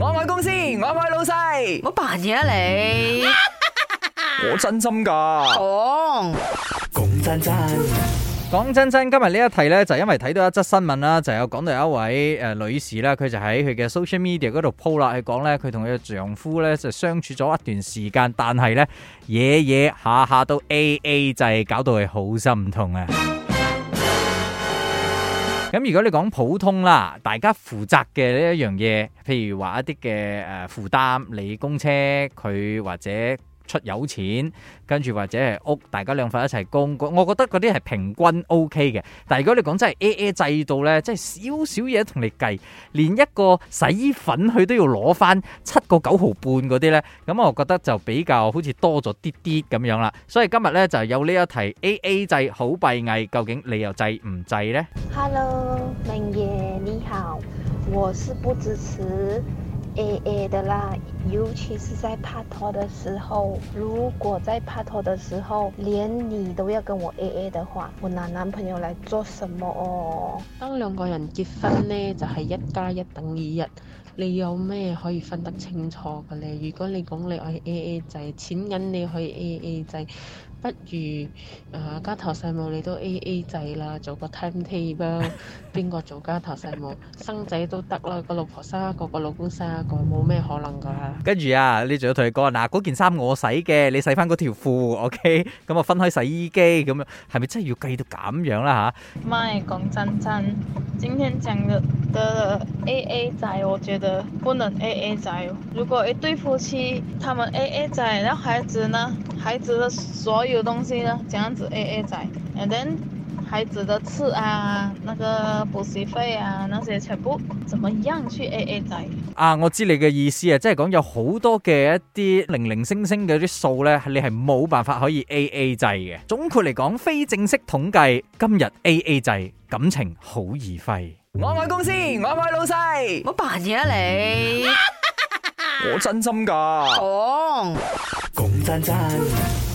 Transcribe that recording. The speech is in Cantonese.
我愛公司，我愛老細。冇扮嘢啊。你，我真心噶。講講真真，講真真，今日呢一題咧，就因為睇到一則新聞啦，就有講到有一位誒女士啦，佢就喺佢嘅 social media 嗰度鋪啦，去講咧，佢同佢嘅丈夫咧就相處咗一段時間，但係咧夜夜下下都 A A 制，搞到佢好心痛啊！咁如果你講普通啦，大家負責嘅呢一樣嘢，譬如話一啲嘅誒負擔，你公車佢或者出有錢，跟住或者係屋，大家兩份一齊供。我覺得嗰啲係平均 OK 嘅。但係如果你講真係 AA 制度呢，即係少少嘢同你計，連一個洗衣粉佢都要攞返七個九毫半嗰啲呢，咁我覺得就比較好似多咗啲啲咁樣啦。所以今日呢，就有呢一題 AA 制好閉翳，究竟你又制唔制呢？Hello，明夜你好，我是不支持。A A 的啦，尤其是在拍拖的時候。如果在拍拖的時候，連你都要跟我 A、啊、A、啊、的話，我拿男朋友來做什麼哦？當兩個人結婚呢，就係、是、一加一等於一。你有咩可以分得清楚嘅呢？如果你講你愛 A A 制，錢銀你可以 A A 制。不如誒、呃、家頭細務你都 A A 制啦，做個 time table，邊個 做家頭細務？生仔都得啦，個老婆生一個，個老公生一個，冇咩可能㗎、啊。跟住啊，你仲要同佢講嗱，嗰、啊、件衫我洗嘅，你洗翻嗰條褲，OK？咁、嗯、啊，分開洗衣機咁樣，係、嗯、咪真係要計到咁樣啦、啊、嚇？媽，講真真，今天正。到。的 A A 仔，我覺得不能 A A 仔。如果一對夫妻，他們 A A 仔，然後孩子呢？孩子的所有東西呢？這樣子 A A 仔。And then 孩子的次啊，那個補習費啊，那些全部怎麼樣去 A A 仔？啊，我知你嘅意思啊，即係講有好多嘅一啲零零星星嘅啲數咧，你係冇辦法可以 A A 制嘅。總括嚟講，非正式統計今日 A A 制感情好易廢。我愛公司，我愛老細。唔好扮嘢啊你！ 我真心噶、oh. 文。講講真真。